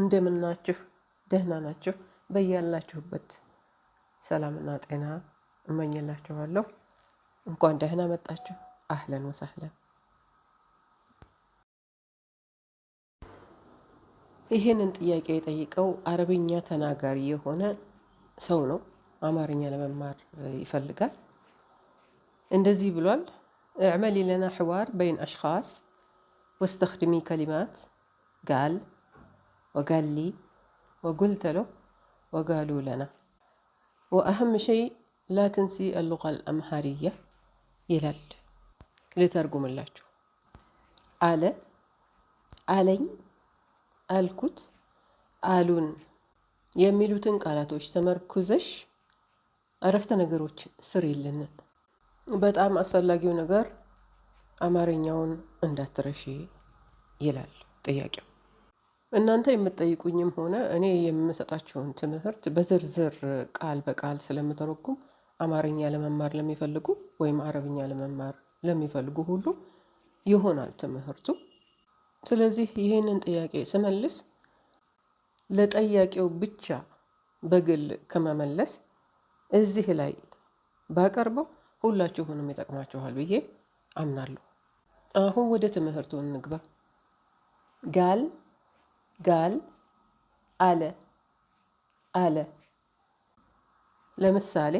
እንደምን ናችሁ? ደህና ናችሁ? በያላችሁበት ሰላምና ጤና እመኝላችኋለሁ። እንኳን ደህና መጣችሁ። አህለን ወሳህለን። ይህንን ጥያቄ የጠይቀው አረብኛ ተናጋሪ የሆነ ሰው ነው። አማርኛ ለመማር ይፈልጋል። እንደዚህ ብሏል። እዕመሊ ለና ሕዋር በይን አሽኻስ ወስተኽድሚ ከሊማት ጋል وقال لي وقلت له وقالوا لنا وأهم شيء لا تنسي اللغة الأمهرية ይላል ልተርጉምላችሁ። አለ አለኝ፣ አልኩት፣ አሉን የሚሉትን ቃላቶች ተመርኩዘሽ አረፍተ ነገሮች ስሪልን። በጣም አስፈላጊው ነገር አማርኛውን እንዳትረሺ ይላል ጥያቄው። እናንተ የምትጠይቁኝም ሆነ እኔ የምሰጣቸውን ትምህርት በዝርዝር ቃል በቃል ስለምተረጉም አማርኛ ለመማር ለሚፈልጉ ወይም አረብኛ ለመማር ለሚፈልጉ ሁሉ ይሆናል ትምህርቱ። ስለዚህ ይህንን ጥያቄ ስመልስ ለጠያቂው ብቻ በግል ከመመለስ እዚህ ላይ ባቀርበው ሁላችሁንም ይጠቅማችኋል ብዬ አምናለሁ። አሁን ወደ ትምህርቱ እንግባ። ጋል ጋል አለ አለ። ለምሳሌ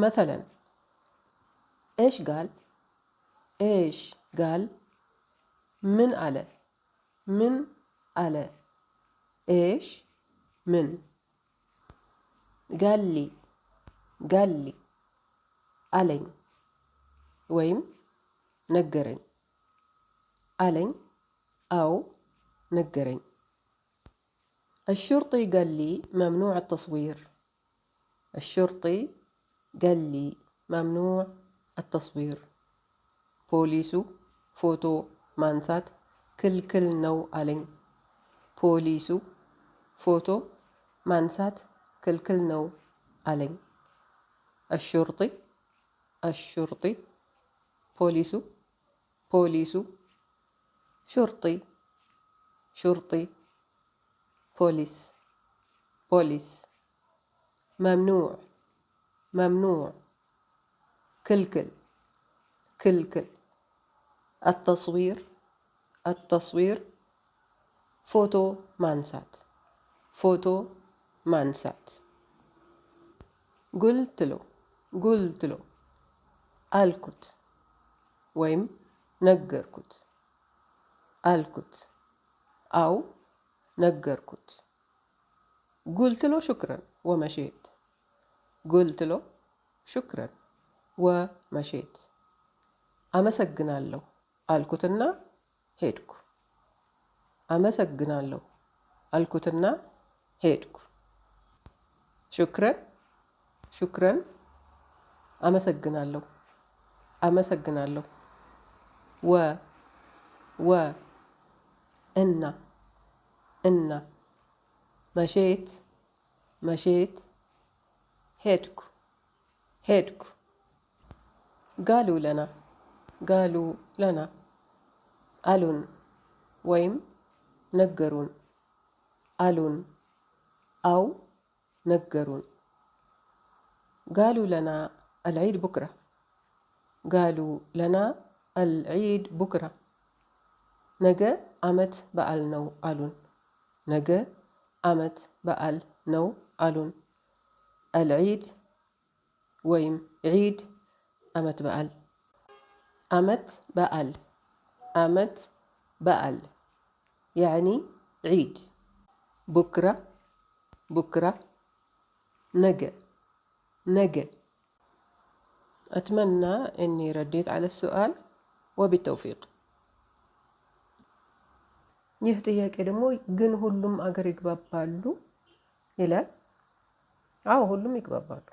መተለን ኤሽ ጋል ኤሽ ጋል ምን አለ ምን አለ ኤሽ ምን ጋሊ ጋሊ አለኝ ወይም ነገረኝ አለኝ አው ነገረኝ الشرطي قال لي ممنوع التصوير الشرطي قال لي ممنوع التصوير بوليسو فوتو مانسات كل كل نو ألين بوليسو فوتو مانسات كل كل نو ألين الشرطي الشرطي بوليسو بوليسو شرطي شرطي بوليس بوليس ممنوع ممنوع كلكل كلكل التصوير التصوير فوتو مانسات فوتو مانسات قلت له قلت له ألكت ويم نقركت ألكت አው ነገርኩት። ጉልትሎ ሹክረን ወመሼት ጉልትሎ ሹክረን ወመሼት አመሰግናለሁ አልኩትና ሄድኩ። አመሰግናለሁ አልኩትና ሄድኩ። ሹክረን ሹክረን አመሰግናለሁ አመሰግናለሁ ወ ወ እና እና መሼት መሼት ሄድኩ ሄድኩ ጋሉ ለና ጋሉ ለና አሉን ወይም ነገሩን አሉን አው ነገሩን ጋሉ ለና አልዒድ ቡክራ ጋሉ ለና አልዒድ ቡክራ ነገ ዓመት በዓል ነው አሉን። نجا أمت بقال نو ألون العيد ويم عيد أمت بقال أمت بقال أمت بقال يعني عيد بكرة بكرة نجا نجا أتمنى أني رديت على السؤال وبالتوفيق ይህ ጥያቄ ደግሞ ግን ሁሉም አገር ይግባባሉ ይላል። አዎ ሁሉም ይግባባሉ።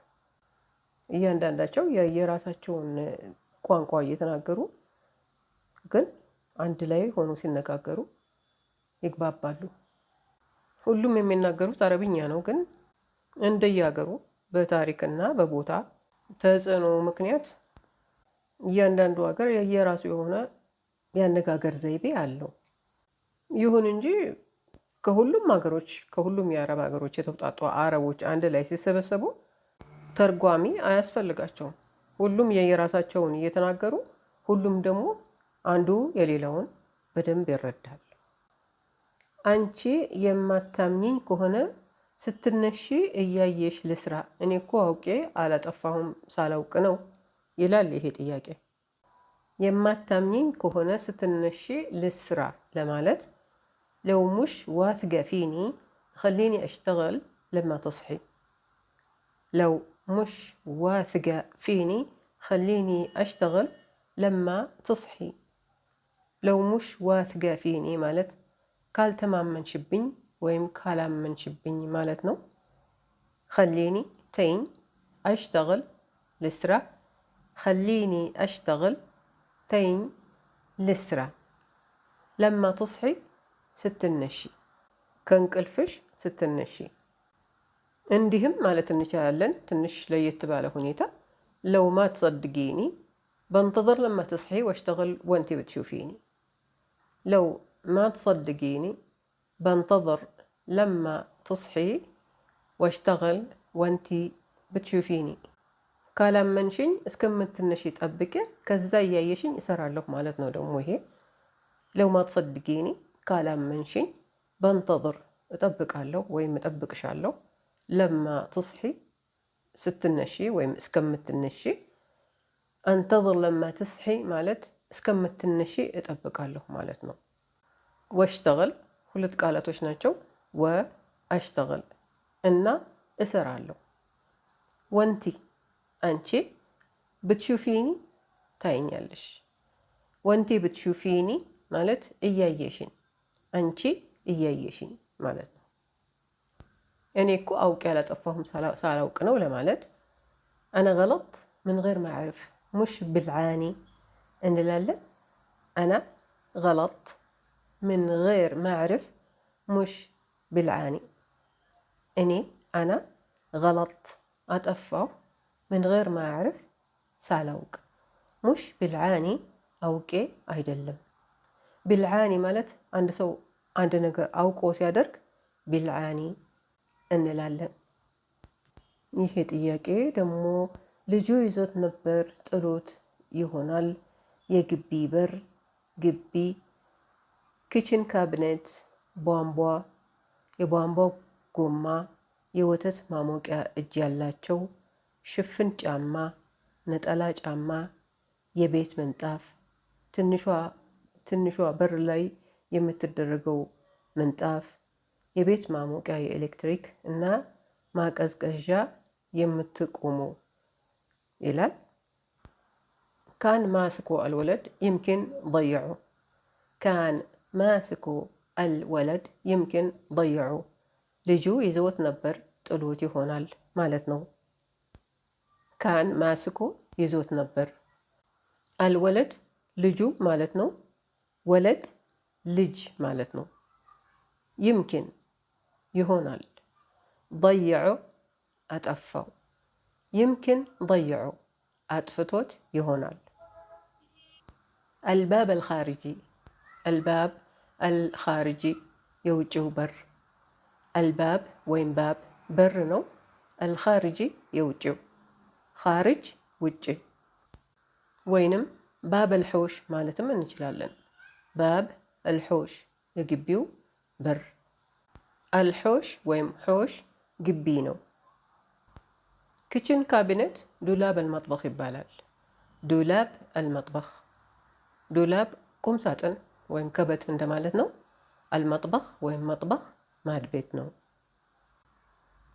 እያንዳንዳቸው የየራሳቸውን ቋንቋ እየተናገሩ ግን አንድ ላይ ሆኖ ሲነጋገሩ ይግባባሉ። ሁሉም የሚናገሩት አረብኛ ነው። ግን እንደየሀገሩ በታሪክና በቦታ ተጽዕኖ ምክንያት እያንዳንዱ ሀገር የየራሱ የሆነ የአነጋገር ዘይቤ አለው። ይሁን እንጂ ከሁሉም ሀገሮች ከሁሉም የአረብ ሀገሮች የተውጣጡ አረቦች አንድ ላይ ሲሰበሰቡ ተርጓሚ አያስፈልጋቸውም። ሁሉም የየራሳቸውን እየተናገሩ ሁሉም ደግሞ አንዱ የሌላውን በደንብ ይረዳል። አንቺ የማታምኝኝ ከሆነ ስትነሺ እያየሽ ልስራ፣ እኔ እኮ አውቄ አላጠፋሁም ሳላውቅ ነው ይላል ይሄ ጥያቄ። የማታምኝኝ ከሆነ ስትነሺ ልስራ ለማለት لو مش واثقة فيني خليني أشتغل لما تصحي لو مش واثقة فيني خليني أشتغل لما تصحي لو مش واثقة فيني مالت قال تمام من شبني ويم كلام من شبني مالت نو خليني تين أشتغل لسرة خليني أشتغل تين لسرة لما تصحي ስትነሺ፣ ከእንቅልፍሽ ስትነሺ። እንዲህም ማለት እንችላለን ትንሽ ለየት ባለ ሁኔታ ለው ማ ትጸድጊኒ በንተظር ለማ ትስሒ ወሽተغል ወንቲ ብትሹፊኒ ለው ማ ትጸድጊኒ በንተظር ለማ ትስሒ ወሽተغል ወንቲ ብትሹፊኒ ካላመንሽኝ እስከምትነሺ ጠብቄ ከዛ እያየሽኝ እሰራለሁ ማለት ነው። ደግሞ ይሄ ለው ማ ትጸድጊኒ ካላመንሽኝ በንተظር እጠብቃለሁ ወይም እጠብቅሻለሁ ለማ ትስሒ ስትነሺ ወይም እስከምትነሺ አንተظር ለማ ትስሒ ማለት እስከምትነሺ እጠብቃለሁ ማለት ነው። ወሽተغል ሁለት ቃላቶች ናቸው። ወአሽተغል እና እሰራለሁ። ወንቲ አንቺ ብትሹፊኒ ታይኛለሽ። ወንቲ ብትሹፊኒ ማለት እያየሽኝ አንቺ እያየሽኝ ማለት ነው። እኔ እኮ አውቄ ያላጠፋሁም ሳላውቅ ነው ለማለት አነ ገለጥ ምን ገይር ማዕርፍ ሙሽ ብልዓኒ እንላለን። አነ ገለጥ ምን ገይር ማዕርፍ ሙሽ ብልዓኒ እኔ አነ ገለጥ አጠፋሁ ምን ገይር ማዕርፍ ሳላውቅ ሙሽ ብልዓኒ አውቄ አይደለም ቢልዓኒ ማለት አንድ ሰው አንድ ነገር አውቆ ሲያደርግ ቢልዓኒ እንላለን። ይሄ ጥያቄ ደግሞ ልጁ ይዞት ነበር ጥሎት ይሆናል። የግቢ በር፣ ግቢ፣ ኪችን ካብኔት፣ ቧንቧ፣ የቧንቧ ጎማ፣ የወተት ማሞቂያ እጅ ያላቸው፣ ሽፍን ጫማ፣ ነጠላ ጫማ፣ የቤት ምንጣፍ፣ ትንሿ ትንሿ በር ላይ የምትደረገው ምንጣፍ፣ የቤት ማሞቂያ የኤሌክትሪክ እና ማቀዝቀዣ የምትቆመው ይላል። ካን ማስኮ አልወለድ ይምኪን ضይዑ ካን ማስኮ አልወለድ ይምኪን ضይዑ ልጁ ይዘወት ነበር ጥሎት ይሆናል ማለት ነው። ካን ማስኮ ይዞት ነበር። አልወለድ ልጁ ማለት ነው። ወለድ ልጅ ማለት ነው። ይምኪን ይሆናል። ضይዖ አጠፋው። ይምኪን ضይዖ አጥፍቶት ይሆናል። አልባብ አልኻርጂ አልባብ አልኻርጂ የውጭው በር አልባብ ወይም ባብ በር ነው። አልኻርጂ የውጭው ኻርጅ ውጭ ወይንም ባብ አልሖሽ ማለትም እንችላለን። باب الحوش يقبيو بر الحوش ويم حوش جبينو كيتشن كابينت دولاب المطبخ يبالال دولاب المطبخ دولاب قم ساتن ويم كبت عند مالتنو المطبخ ويم مطبخ ماد بيتنو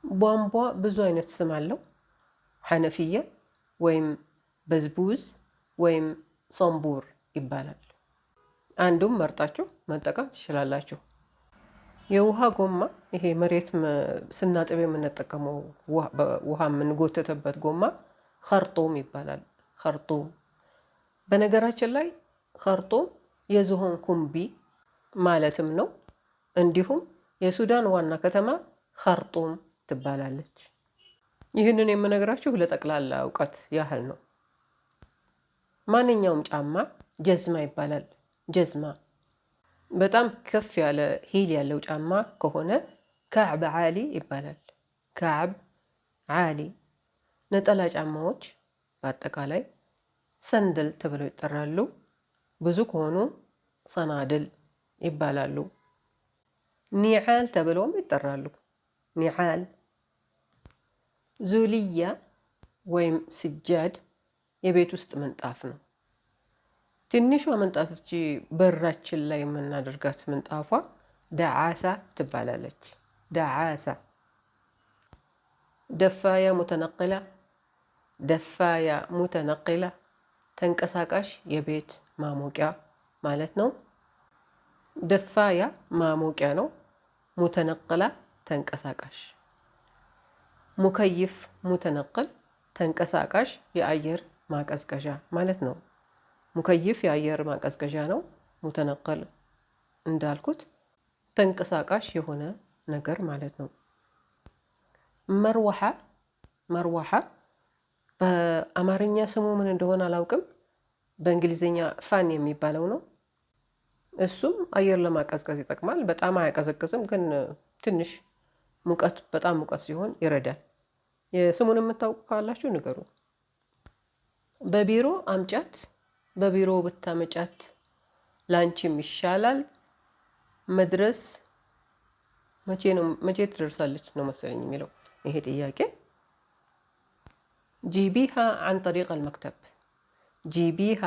بومبو بزوينة سمالو حنفية ويم بزبوز ويم صنبور يبالال አንዱም መርጣችሁ መጠቀም ትችላላችሁ። የውሃ ጎማ ይሄ መሬት ስናጥብ የምንጠቀመው ውሃ የምንጎተተበት ጎማ ከርጡም ይባላል። ከርጡም በነገራችን ላይ ከርጡም የዝሆን ኩምቢ ማለትም ነው። እንዲሁም የሱዳን ዋና ከተማ ከርጡም ትባላለች። ይህንን የምነግራችሁ ለጠቅላላ እውቀት ያህል ነው። ማንኛውም ጫማ ጀዝማ ይባላል። ጀዝማ። በጣም ከፍ ያለ ሂል ያለው ጫማ ከሆነ ካዕብ ዓሊ ይባላል። ካዕብ ዓሊ። ነጠላ ጫማዎች በአጠቃላይ ሰንደል ተብለው ይጠራሉ። ብዙ ከሆኑ ሰናድል ይባላሉ። ኒዓል ተብለውም ይጠራሉ። ኒዓል ዙልያ ወይም ስጃድ የቤት ውስጥ ምንጣፍ ነው። ትንሿ ምንጣፍ እስቺ በራችን ላይ የምናደርጋት ምንጣፏ ደዓሳ ትባላለች። ደዓሳ ደፋያ ሙተነቅላ ደፋያ ሙተነቅላ ተንቀሳቃሽ የቤት ማሞቂያ ማለት ነው። ደፋያ ማሞቂያ ነው። ሙተነቅላ ተንቀሳቃሽ። ሙከይፍ ሙተነቅል ተንቀሳቃሽ የአየር ማቀዝቀዣ ማለት ነው። ሙከይፍ የአየር ማቀዝቀዣ ነው። ሙተነቀል እንዳልኩት ተንቀሳቃሽ የሆነ ነገር ማለት ነው። መርዋሓ መርዋሓ በአማርኛ ስሙ ምን እንደሆነ አላውቅም። በእንግሊዝኛ ፋን የሚባለው ነው። እሱም አየር ለማቀዝቀዝ ይጠቅማል። በጣም አያቀዘቅዝም፣ ግን ትንሽ ሙቀት በጣም ሙቀት ሲሆን ይረዳል። የስሙን የምታውቁ ካላችሁ ንገሩ። በቢሮ አምጫት በቢሮ ብታመጫት ላንቺም ይሻላል። መድረስ መቼ ነው መቼ ትደርሳለች ነው መሰለኝ የሚለው ይሄ ጥያቄ። ጂቢሃ አን ጠሪቅ አልመክተብ ጂቢሃ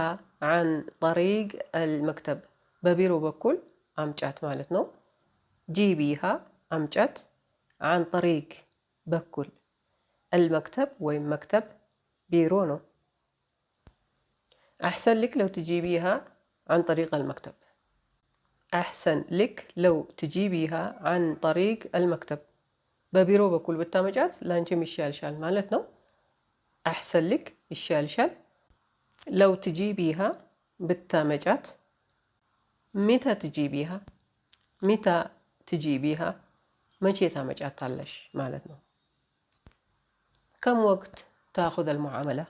አን ጠሪቅ አልመክተብ በቢሮ በኩል አምጫት ማለት ነው። ጂቢሃ አምጫት አን ጠሪቅ በኩል አልመክተብ ወይም መክተብ ቢሮ ነው። أحسن لك لو تجيبيها عن طريق المكتب أحسن لك لو تجيبيها عن طريق المكتب بابيرو بكل بالتامجات نجم الشال شال مالتنا أحسن لك الشال شال لو تجيبيها بالتامجات متى تجيبيها متى تجيبيها ما شيء تامجات تعلش مالتنا كم وقت تأخذ المعاملة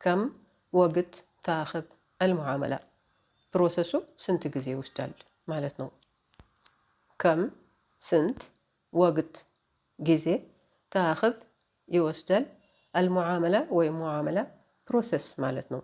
كم وقت ታኽብ አልሙዓመላ ፕሮሰሱ ስንት ጊዜ ይወስዳል ማለት ነው። ከም ስንት ወቅት ጊዜ ታኽብ ይወስዳል አልሙዓመላ ወይም ሙዓመላ ፕሮሰስ ማለት ነው።